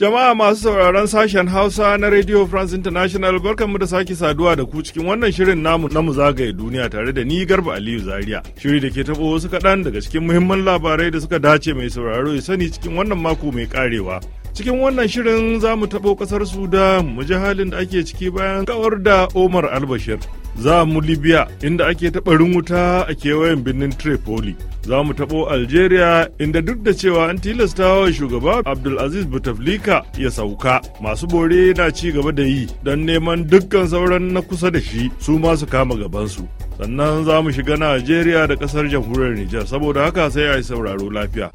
Jama'a masu sauraron sashen Hausa na Radio France International barkanmu da sake saduwa da ku cikin wannan shirin namu na mu zagaye duniya tare da ni Garba Aliyu Zaria. Shiri da ke tabo wasu kaɗan daga cikin muhimman labarai da suka dace mai sauraro ya sani cikin wannan mako mai karewa. Cikin wannan shirin za mu taɓo ƙasar Sudan mu ji halin da ake ciki bayan kawar da Omar Albashir. za mu libya inda ake taɓarin wuta a kewayen birnin tripoli za mu taɓo algeria inda duk da cewa an tilasta wa shugaba abdulaziz Bouteflika ya sauka masu bore na ci gaba da yi don neman dukkan sauran na kusa da shi su masu kama gabansu sannan za mu shiga najeriya da ƙasar jamhuriyar nijar saboda haka sai a yi sauraro lafiya.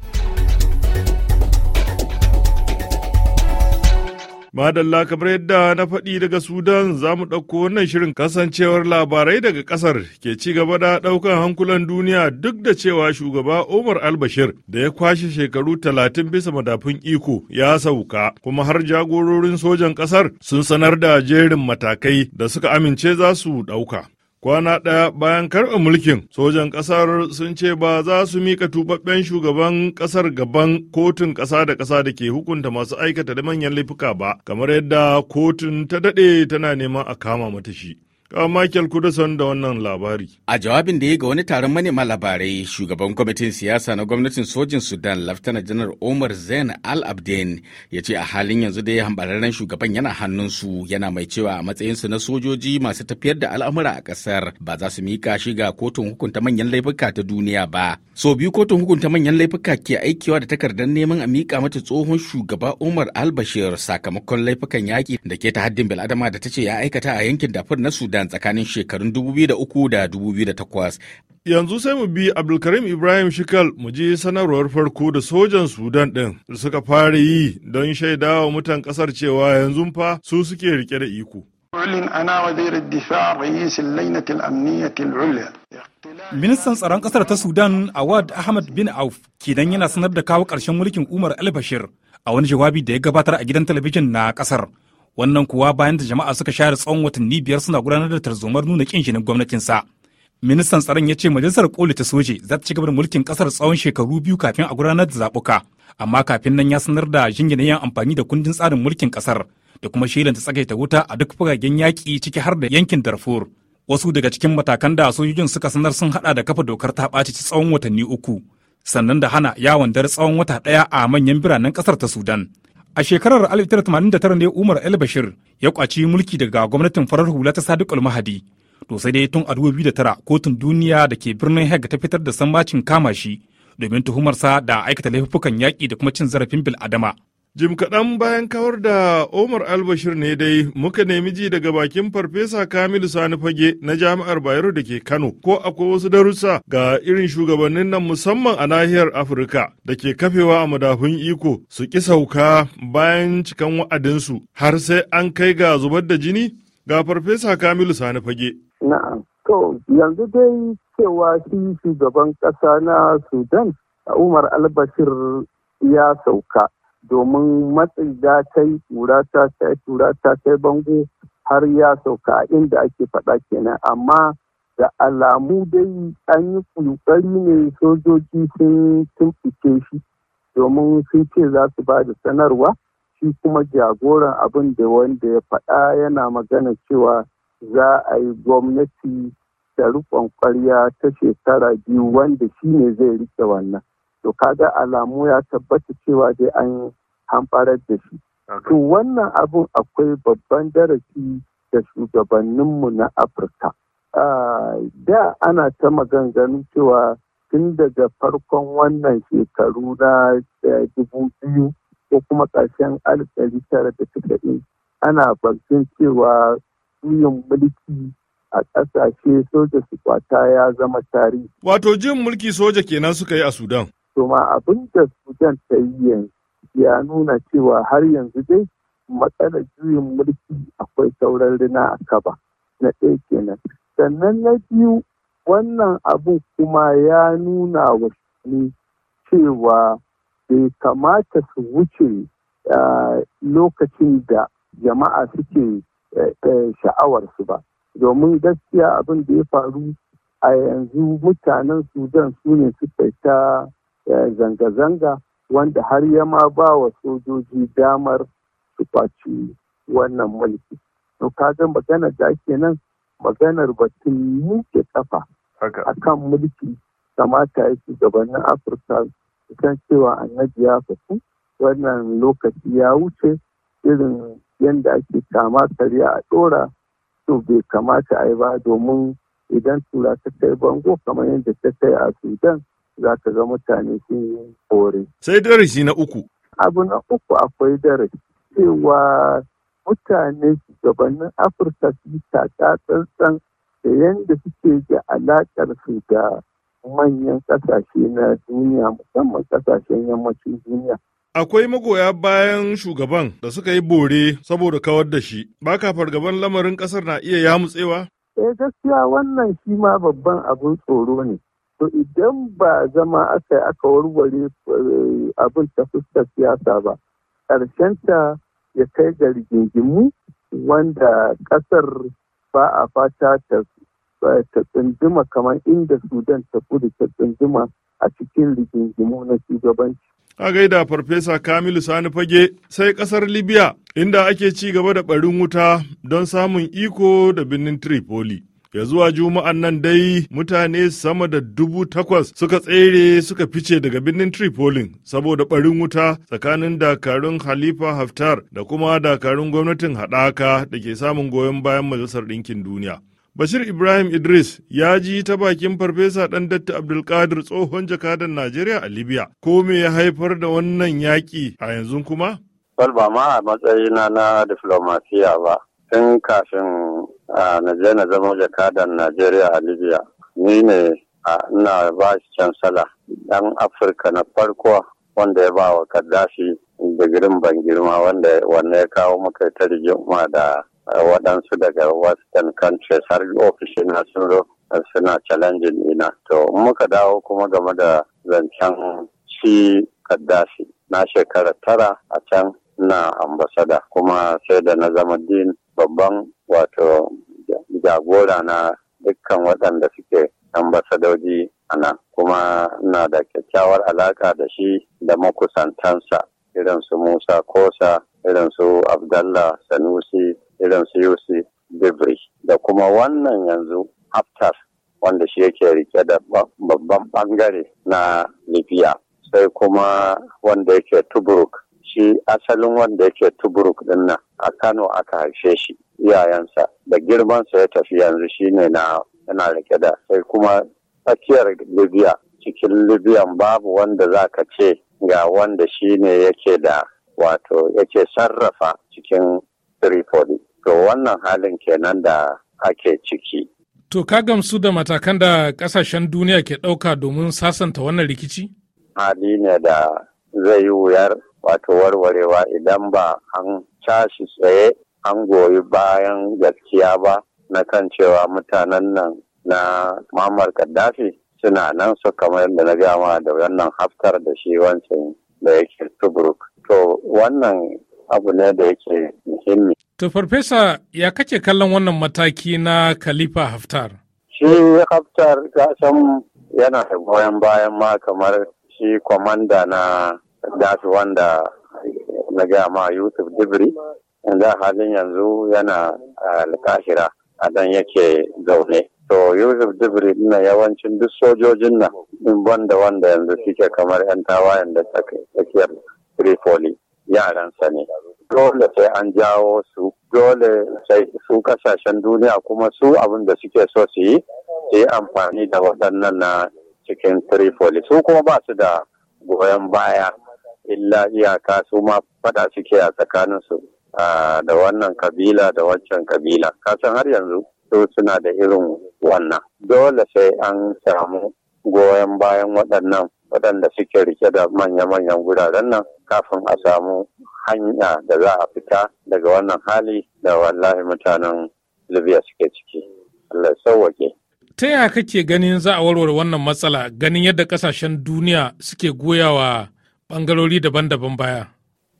Madalla kamar yadda na faɗi daga Sudan za mu ɗauko wannan shirin kasancewar labarai daga ƙasar ke ci gaba da ɗaukan hankulan duniya duk da cewa shugaba Umar Albashir da ya kwashe shekaru talatin bisa madafun iko ya sauka kuma har jagororin sojan ƙasar sun sanar da jerin matakai da suka amince za su ɗauka. Kwana ɗaya bayan karɓe mulkin, sojan ƙasar sun ce ba za su mika tubabben shugaban ƙasar gaban kotun ƙasa da ƙasa da ke hukunta masu aikata da manyan laifuka ba, kamar yadda kotun ta daɗe tana neman a kama mata shi. Ka Michael Kudason da wannan labari. A jawabin da ya ga wani taron manema labarai, shugaban kwamitin siyasa na gwamnatin sojin Sudan, Laftana Janar Omar Zain Al Abdin, ya ce a halin yanzu da ya hambararren shugaban yana hannunsu, yana mai cewa a matsayinsu na sojoji masu tafiyar da al'amura a ƙasar ba za su mika shi ga kotun hukunta manyan laifuka ta duniya ba. So biyu kotun hukunta manyan laifuka ke aikiwa da takardar neman a mika mata tsohon shugaba Omar Al Bashir sakamakon laifukan yaƙi da ke ta haddin bil'adama da ta ce ya aikata a yankin dafur na Sudan. Sudan tsakanin shekarun 2003 da 2008. Yanzu sai mu bi Abdulkarim Ibrahim Shikal mu ji sanarwar farko da sojan Sudan ɗin da suka fara yi don shaidawa mutan ƙasar cewa yanzu fa su suke rike da iko. Ministan tsaron ƙasar ta Sudan Awad Ahmad bin Auf kenan yana sanar da kawo ƙarshen mulkin Umar al-Bashir a wani jawabi da ya gabatar a gidan talabijin na ƙasar wannan kuwa bayan da jama'a suka share tsawon watanni biyar suna gudanar da tarzomar nuna kin jinin gwamnatinsa ministan tsaron ya ce majalisar koli ta soje za ta ci gaba da mulkin kasar tsawon shekaru biyu kafin a gudanar da zaɓuka amma kafin nan ya sanar da jingina yin amfani da kundin tsarin mulkin kasar da kuma ta tsagaita wuta a duk fagagen yaƙi ciki har da yankin darfur wasu daga cikin matakan da sojojin suka sanar sun hada da kafa dokar ta ɓaci tsawon watanni uku sannan da hana yawon dare tsawon wata ɗaya a manyan biranen kasar ta sudan A shekarar 1989 ne Umar El Bashir ya kwaci mulki daga gwamnatin farar hula ta Sadiq Al-Mahadi. To sai dai tun a 2009 kotun duniya da ke birnin Hague ta fitar da sammacin kama shi domin tuhumarsa da aikata laifukan yaƙi da kuma cin zarafin bil'adama Jim kaɗan bayan kawar da Omar Albashir ne dai muka nemi ji daga bakin Farfesa Kamilu Sani Fage na Jami'ar Bayero da ke Kano ko akwai wasu darussa ga irin shugabannin nan musamman a nahiyar Afirka da ke kafewa a madafun iko su ki sauka bayan cikan wa'adinsu har sai an kai ga zubar da jini ga Farfesa Kamilu Sani Fage. Na'am, to yanzu dai cewa shi shugaban ƙasa na Sudan Umar Albashir ya sauka. domin matsi da ta yi tura ta ta yi tura ta ta yi bango har ya sauka inda ake faɗa kenan amma da alamu dai an yi ƙoƙari ne sojoji sun tumfice shi domin sun ce za su ba da sanarwa shi kuma jagoran abin da wanda ya faɗa yana magana cewa za a yi gwamnati da riƙon ƙwarya ta shekara biyu wanda shi ne zai riƙe wannan to ga alamu ya tabbata cewa dai an hamfarar da shi to wannan abin akwai babban darasi da shugabanninmu na afirka ah, da ana ta maganganu cewa tun daga farkon wannan shekaru na eh, dubu biyu ko kuma ƙarshen alif tara da casa'in ana bakin cewa juyin mulki a ƙasashe soja su kwata ya zama tarihi. Wato jin mulki soja kenan suka yi a Sudan. to abin da sudan ta yi yanzu ya nuna cewa har yanzu dai matsalar juyin mulki akwai sauran rina a kaba na ɗaya kenan sannan na biyu wannan abu kuma ya nuna wa shi cewa bai kamata su wuce lokacin da jama'a suke sha'awarsu ba domin gaskiya abin da ya faru a yanzu mutanen sudan su ne suka ta zanga-zanga wanda har ya ma ba wa sojoji damar su faci wannan mulki. To kaga maganar da ake nan maganar batun muke kafa a kan mulki kamata ya shugabannin Afirka kan cewa annabi ya fasu wannan lokaci ya wuce irin yadda ake kama karya a ɗora to bai kamata a yi ba domin idan tura ta kai bango kamar yadda ta kai a Sudan za ka ga mutane sun yi kore. Sai darasi na uku. Abu na uku akwai darasi cewa mutane shugabannin Afirka su yi taka tsantsan da yadda suke da alaƙar su da manyan ƙasashe na duniya musamman ƙasashen yammacin duniya. Akwai magoya bayan shugaban da suka yi bore saboda kawar da shi, Ba ka fargaban lamarin ƙasar na iya yamutsewa? Eh gaskiya wannan shi ma babban abin tsoro ne. to idan ba zama aka yi aka warware eh, abin ta fuskar siyasa ba ta ya kai ga rigingimu wanda ƙasar ba a fata ta eh, tsinjima kamar inda sudan ta kudu ta tsinjima a cikin rigingimu na shugabanci a gaida farfesa kamilu sani fage sai kasar libya inda ake ci gaba da barin wuta don samun iko da birnin tripoli ya zuwa juma'an nan dai mutane sama da dubu takwas suka tsere suka fice daga birnin tripolin saboda barin wuta tsakanin dakarun halifa haftar da kuma dakarun gwamnatin haɗaka da ke samun goyon bayan majalisar ɗinkin duniya Bashir Ibrahim Idris ya ji ta bakin farfesa ɗan datta Abdulkadir tsohon jakadan Najeriya a Libya. Ko me ya haifar da wannan yaƙi a yanzu kuma? ba ma a matsayina na diflomasiya ba. Tun kafin a je na zama jakadan Najeriya a Libya. Ni ne ina ba shi cansala ɗan Afirka na farko wanda ya ba wa Kaddafi digirin ban girma wanda wanne ya kawo muka ta rigima da waɗansu daga western countries har ofishi na sun zo suna challenging ina to muka dawo kuma game da zancen shi Kaddafi na shekara tara a can na ambasada kuma sai da na zama din babban wato jagora na dukkan waɗanda suke ambasadoji a nan kuma na da kyakkyawar alaƙa da shi da makusantansa irin su Musa Kosa, irin su Abdallah Sanusi, irin su Yusi Bibri da kuma wannan yanzu Haftar wanda shi yake rike da babban bangare na Libya sai kuma wanda yake Tubruk shi asalin wanda yake tuburuk din nan a kano aka haife shi iyayensa da girmansa ya tafi yanzu shine na yana rike da sai kuma tsakiyar libya cikin libyan babu wanda za ka ce ga wanda shi ne yake da wato yake sarrafa cikin tripoli to wannan halin kenan da ake ciki to ka gamsu da matakan da kasashen duniya ke ɗauka domin sasanta wannan rikici hali ne da zai yi wuyar wato warwarewa idan ba an tashi tsaye an goyi bayan gaskiya ba na kan cewa mutanen nan na Mamar Gaddafi suna nan su kamar yadda na gama da wannan haftar da shi wancan da yake Tubruk. To wannan abu ne da yake muhimmi. To farfesa ya kake kallon wannan mataki na Khalifa Haftar? Shi Haftar gasan yana da goyon bayan ma kamar shi kwamanda na that's wanda na gaya ma Yusuf Dibri inda halin yanzu yana alkashira a dan yake zaune. To Yusuf Dibri na yawancin duk sojojin nan in banda wanda yanzu suke kamar 'yan tawayen da tsakiyar Tripoli yaransa ne. Dole sai an jawo su, dole sai su kasashen duniya kuma su abin da suke so su yi, su amfani da waɗannan na cikin Tripoli. Su kuma ba su da goyon baya illa iyaka su ma fada suke a tsakaninsu da wannan kabila da waccan kabila kasan har yanzu su suna da irin wannan dole sai an samu goyon bayan waɗannan waɗanda suke rike da manya-manyan guraren nan kafin a samu hanya da za a fita daga wannan hali da wallahi mutanen libya suke ciki allah sauwake ta yaya kake ganin za a warware wannan matsala ganin yadda kasashen duniya suke goyawa bangarori daban-daban baya?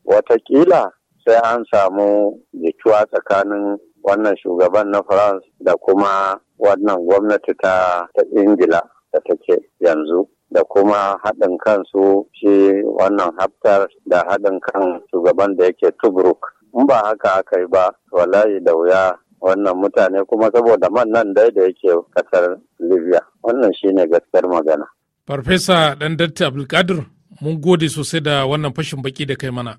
Watakila sai an samu jituwa tsakanin wannan shugaban na France da kuma wannan gwamnati ta Ingila da take yanzu. da kuma haɗin kansu shi wannan haftar da haɗin kan shugaban da yake tubruk in ba haka aka yi ba wallahi da wuya wannan mutane kuma saboda man nan dai da yake ƙasar libya wannan shi ne gaskiyar magana farfesa ɗan datti abdulkadir mun gode sosai da wannan fashin baki da kai mana.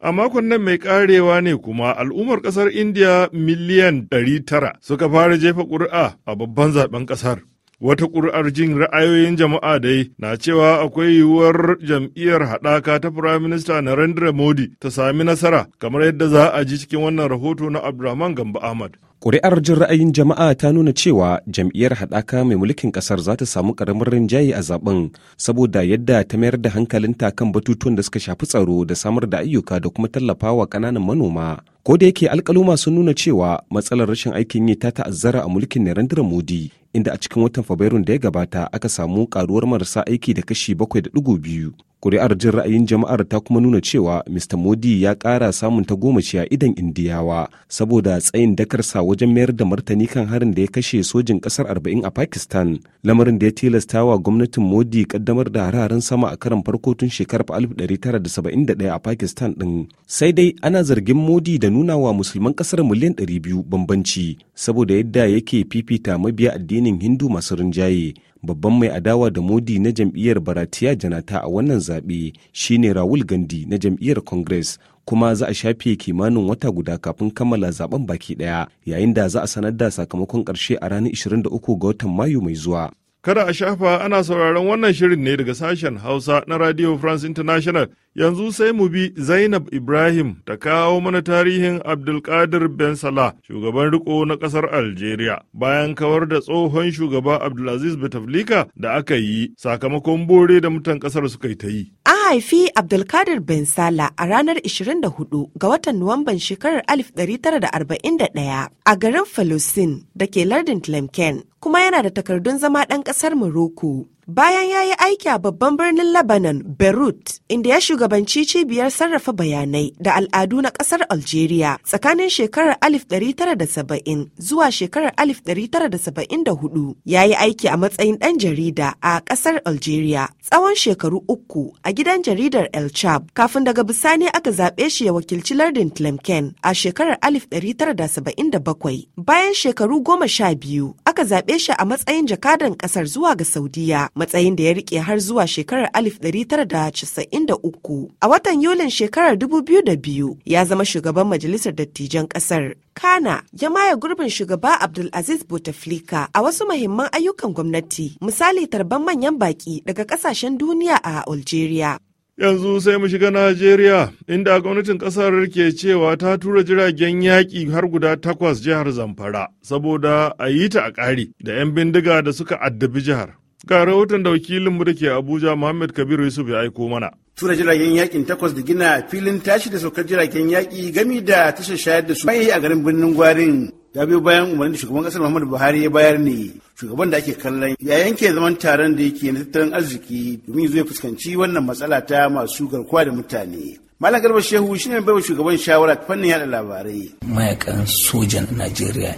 A makon nan mai karewa ne kuma al'ummar kasar India miliyan 900 suka fara jefa ƙuri'a a babban zaben kasar. Wata ƙuri'ar jin ra'ayoyin jama'a dai na cewa akwai yiwuwar jam'iyyar haɗaka ta Firaminista Narendra Modi ta sami nasara kamar yadda za a ji cikin wannan rahoto na Abdulrahman gambo Ahmad. Ƙuri'ar jin ra'ayin jama'a ta nuna cewa jam'iyyar haɗaka mai mulkin ƙasar za ta samu ƙaramin rinjaye a zaben saboda yadda ta mayar da hankalinta kan batutuwan da suka shafi tsaro da samar da ayyuka da kuma tallafawa ƙananan manoma. ko da yake alkaluma sun nuna cewa matsalar rashin aikin yi ta ta'azzara a mulkin Narendra Modi inda a cikin watan Fabrairu da ya gabata aka samu karuwar marasa aiki da kashi bakwai da biyu kuri'ar jin ra'ayin jama'ar ta kuma nuna cewa Mr. Modi ya ƙara samun ta goma a idan Indiyawa saboda tsayin dakarsa wajen mayar da martani kan harin da ya kashe sojin ƙasar arba'in a Pakistan lamarin da ya tilasta wa gwamnatin Modi kaddamar da hararen sama a karan farko tun shekarar 1971 a Pakistan ɗin sai dai ana zargin Modi da nuna wa musulman kasar miliyan 200 bambanci saboda yadda yake fifita mabiya addinin hindu masu rinjaye babban mai adawa da modi na jam'iyyar baratiya janata a wannan zaɓe shine rawul gandi na jam'iyyar congress kuma za a shafe kimanin wata guda kafin kammala zaben baki daya yayin da za a sanar da sakamakon ƙarshe a ranar 23 ga watan mayu mai zuwa Kada a shafa ana sauraron wannan shirin ne daga sashen Hausa na Radio France International. Yanzu sai mu bi Zainab Ibrahim ta kawo mana tarihin Abdulkadir Ben Salah, shugaban riko na ƙasar Algeria, bayan kawar da tsohon shugaba Abdulaziz Bouteflika da aka yi sakamakon bore da mutan ƙasar suka yi ta yi. mahaifi Abdulkadir bin Sala a ranar 24 ga watan Nuwamban shekarar 1941 a garin Falusin da ke lardin Tlemcen kuma yana da takardun zama ɗan ƙasar Morocco. bayan ya yi aiki a babban birnin Lebanon, Beirut, inda ya shugabanci cibiyar sarrafa bayanai da al'adu na ƙasar Algeria tsakanin shekarar 1970 zuwa shekarar 1974. Ya yi aiki a matsayin ɗan jarida a ƙasar Algeria tsawon shekaru uku a gidan jaridar El Chab, kafin daga bisani aka zaɓe shi ya wakilci lardin Tlemcen a shekarar 1977. Bayan shekaru goma sha biyu, aka zaɓe shi a matsayin jakadan ƙasar zuwa ga Saudiya. matsayin da ya rike har zuwa shekarar 1993. A watan Yulin shekarar 2002 ya zama shugaban majalisar dattijan ƙasar. Kana ya maye gurbin shugaba Abdulaziz Bouteflika a wasu mahimman ayyukan gwamnati, misali tarban manyan baƙi daga ƙasashen duniya a Algeria. yanzu sai mu shiga Najeriya, inda gwamnatin ƙasar ke cewa ta tura jiragen yaƙi har guda takwas jihar Zamfara, saboda a yi ta a ƙari da 'yan bindiga da suka addabi jihar. Ga rahoton da wakilinmu da ke Abuja Muhammad Kabiru Yusuf ya aiko mana. tura jiragen yakin takwas da gina filin tashi da saukar jiragen yaki gami da tashar shayar da su mai a garin birnin gwarin ya biyo bayan umarnin da shugaban kasar muhammadu buhari ya bayar ne shugaban da ake kallon ya yanke zaman taron da yake na tattalin arziki domin zai fuskanci wannan matsala ta masu garkuwa da mutane Malam Garba Shehu shi ne wa shugaban shawara ta fannin yada labarai. Mayakan sojan Najeriya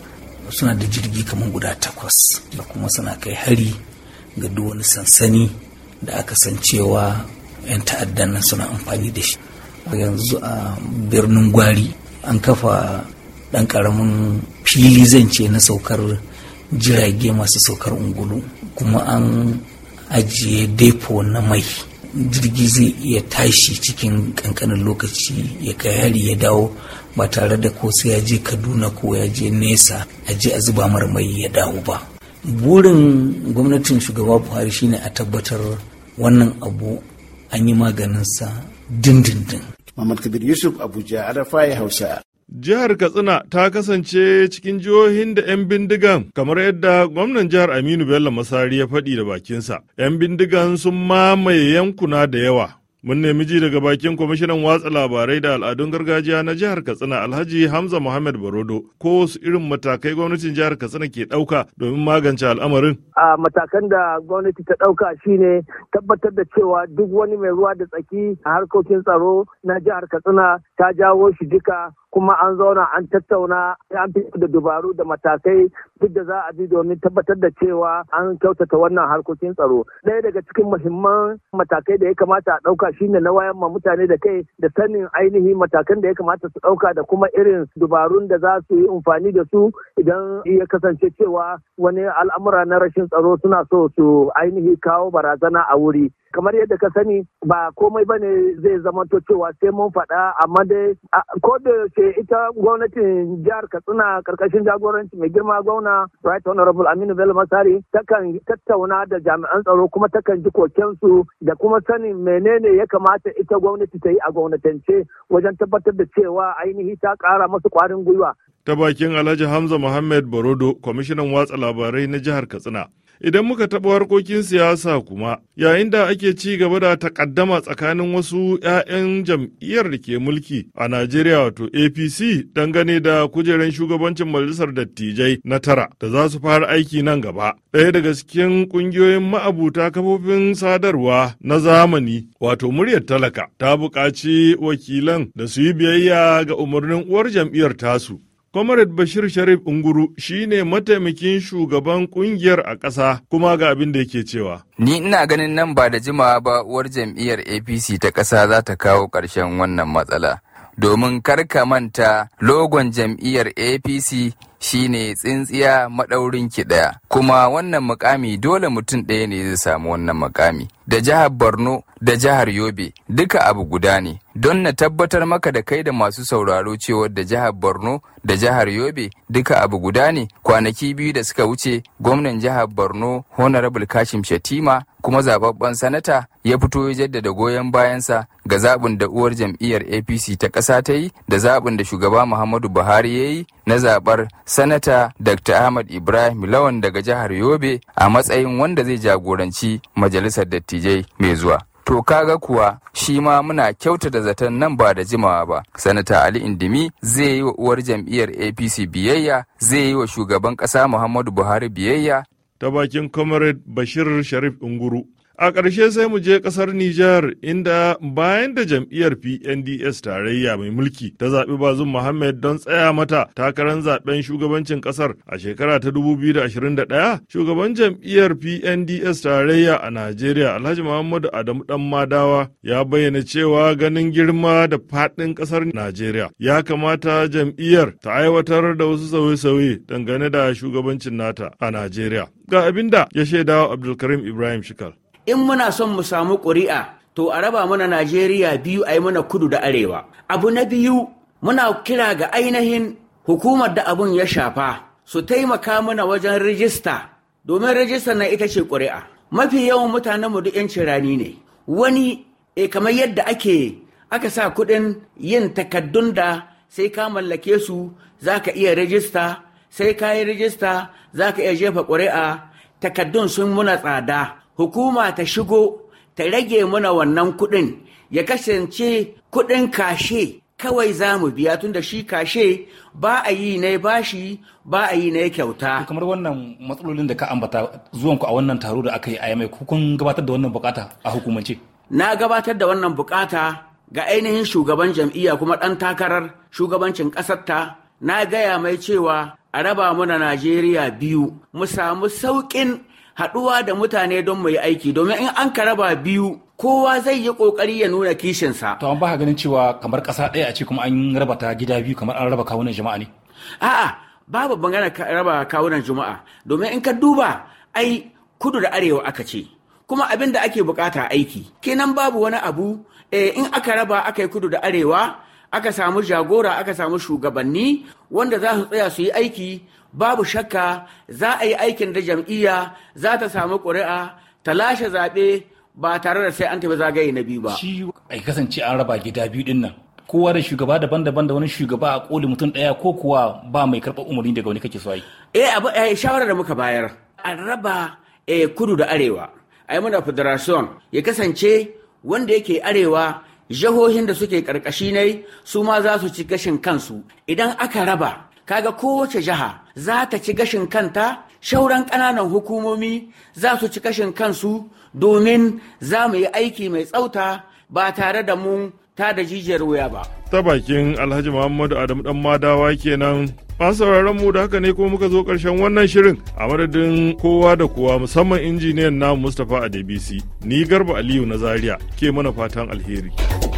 suna da jirgi kamar guda takwas da kuma suna kai hari ga duk wani sansani da aka san cewa 'yan ta'addan nan suna amfani da shi yanzu a birnin gwari an kafa ɗan ƙaramin fili zan ce na saukar jirage masu saukar ungulu kuma an ajiye depo na mai jirgi zai iya tashi cikin kankanin lokaci ya kai hari ya dawo ba tare da ko sai ya je kaduna ko ya je nesa a je a zuba mara mai ya dawo ba burin gwamnatin shugaba buhari shine a tabbatar wannan abu an yi maganinsa dindindin Muhammad Kabir Yusuf Abuja Arafa ya Hausa. Jihar Katsina ta kasance cikin jihohin da 'yan bindigan kamar yadda gwamnan jihar Aminu Bello Masari ya faɗi da bakinsa. 'Yan bindigan sun mamaye yankuna da yawa Mun nemi ji daga bakin kwamishinan watsa labarai da al'adun gargajiya na jihar Katsina Alhaji Hamza Muhammad Barodo ko wasu irin matakai gwamnatin jihar Katsina ke ɗauka domin magance al'amarin. A matakan da gwamnati ta ɗauka shine tabbatar da cewa duk wani mai ruwa da tsaki a harkokin tsaro na jihar Katsina ta jawo shi duka kuma an zauna an tattauna an fi da dubaru da matakai duk da za a bi domin tabbatar da cewa an kyautata wannan harkokin tsaro. Ɗaya daga cikin muhimman matakai da ya kamata a ɗauka shine na wayan ma mutane da kai da sanin ainihin matakan da ya kamata su ɗauka da kuma irin dubarun da za su yi amfani da su idan ya kasance cewa wani al'amura na rashin tsaro suna so su ainihi kawo barazana a wuri. kamar yadda ka sani ba komai ba ne zai zama to cewa sai mun faɗa amma dai ko da ce ita gwamnatin jihar katsina karkashin jagoranci mai girma gwamna right honorable aminu bello masari takan tattauna da jami'an tsaro kuma takan ji kokensu da kuma sanin menene ya kamata ita gwamnati ta yi a gwamnatance wajen tabbatar da cewa ainihi ta ƙara masu ƙwarin gwiwa ta bakin Alhaji Hamza Muhammad Barodo, kwamishinan watsa labarai na jihar Katsina. Idan muka taɓa harkokin siyasa kuma, yayin da ake ci gaba da takaddama tsakanin wasu 'ya'yan jam'iyyar da ke mulki a Najeriya wato APC dangane da kujerar shugabancin majalisar dattijai na tara da za su fara aiki nan gaba. Ɗaya daga cikin ƙungiyoyin ma'abuta kafofin sadarwa na zamani wato muryar talaka ta buƙaci wakilan da su yi biyayya ga umarnin uwar jam'iyyar tasu. Comrade Bashir Sharif Unguru shi ne mataimakin shugaban kungiyar a ƙasa kuma ga abin da yake cewa. Ni ina ganin nan ba da jimawa ba uwar jam'iyyar APC ta ƙasa za ta kawo ƙarshen wannan matsala. Domin karka manta logon jam'iyyar APC shine tsintsiya maɗaurin ki ɗaya kuma wannan mukami dole mutum ɗaya ne zai samu wannan mukami da jihar borno da jihar yobe duka abu guda ne don na tabbatar maka da kai da masu sauraro cewa da jihar borno da jihar yobe duka abu guda ne kwanaki biyu da suka wuce gwamnan jihar borno honorable kashim shatima kuma zababben sanata ya fito ya jaddada goyon bayansa ga zaɓin da uwar jam'iyyar apc ta ƙasa ta yi da zaɓin da shugaba muhammadu buhari ya yi na zaɓar sanata dr ahmad ibrahim lawan daga jihar yobe a matsayin wanda zai jagoranci majalisar dattijai mai zuwa To kaga kuwa shi ma muna kyauta da zaton nan ba da jimawa ba. Sanata Ali Indimi zai yi wa uwar jam'iyyar APC biyayya, zai yi wa shugaban ƙasa Muhammadu Buhari biyayya. Ta bakin Comrade Bashir Sharif Unguru. A ƙarshe sai mu je ƙasar Nijar inda bayan da jam'iyyar PNDS tarayya mai mulki ta zaɓi Bazum Muhammad don tsaya mata takarar zaɓen shugabancin ƙasar a shekara ta 2021, shugaban jam'iyyar PNDS tarayya a Najeriya Alhaji Muhammadu Adamu Dan Madawa ya bayyana cewa ganin girma da faɗin ƙasar Najeriya ya kamata jam'iyyar ta aiwatar da wasu sauye-sauye dangane da shugabancin nata a Najeriya. Ga abinda ya shaidawa Abdulkarim Ibrahim Shikal. in muna son mu samu ƙuri'a to a raba mana Najeriya biyu a yi mana kudu da arewa. Abu na biyu muna kira ga ainihin hukumar da abun ya shafa su taimaka mana wajen rijista domin rijista na ita ce ƙuri'a. Mafi yawan mutanenmu duk 'yancin rani ne. Wani e kamar yadda ake aka sa kuɗin yin takaddun da sai ka mallake su za ka iya rijista sai ka yi rijista za ka iya jefa ƙuri'a takaddun sun muna tsada hukuma ta shigo ta rage mana wannan kuɗin ya kasance kuɗin kashe kawai za mu biya tun da shi kashe ba a yi na bashi ba a yi na kyauta. kamar wannan matsalolin da ka ambata zuwanku a wannan taro da aka yi a yamai kun gabatar da wannan bukata a hukumance. na gabatar da wannan bukata ga ainihin shugaban jam'iyya kuma ɗan takarar shugabancin ƙasarta na gaya mai cewa a raba mana najeriya biyu mu samu sauƙin haɗuwa da mutane don mu yi aiki domin in an ka raba biyu kowa zai yi ƙoƙari ya nuna kishinsa. To an ba ganin cewa kamar ƙasa ɗaya a ce kuma an raba ta gida biyu kamar an raba kawunan jama'a ne? A'a babu bangana raba kawunan jama'a domin in ka duba ai kudu da arewa aka ce kuma abin da ake bukata aiki kenan babu wani abu eh, in aka raba aka yi kudu da arewa aka samu jagora aka samu shugabanni wanda za su tsaya su yi aiki babu shakka za a yi aikin da jam'iyya za ta samu ƙuri'a ta lashe zaɓe ba tare da sai an taɓa zagaye na biyu ba. Shi bai kasance an raba gida biyu din nan. Kowa da shugaba daban-daban da wani shugaba a koli mutum ɗaya ko kuwa ba mai karɓar umarni daga wani kake so yi. Eh abu eh, shawarar da muka bayar an raba eh, kudu da arewa. yi mana federation ya kasance wanda yake arewa jihohin da suke karkashi ne su ma za su ci gashin kansu idan aka raba kaga kowace jiha za ta ci gashin kanta shauran ƙananan hukumomi za su ci gashin kansu domin za mu yi aiki mai tsauta ba tare da mu ta da jijiyar wuya ba. Ta bakin Alhaji Muhammadu Adamu Dan Madawa kenan masu sauraron mu da haka ne kuma muka zo karshen wannan shirin a madadin kowa da kowa musamman injiniyan namu Mustapha Adebisi ni Garba Aliyu na Zaria ke mana fatan alheri.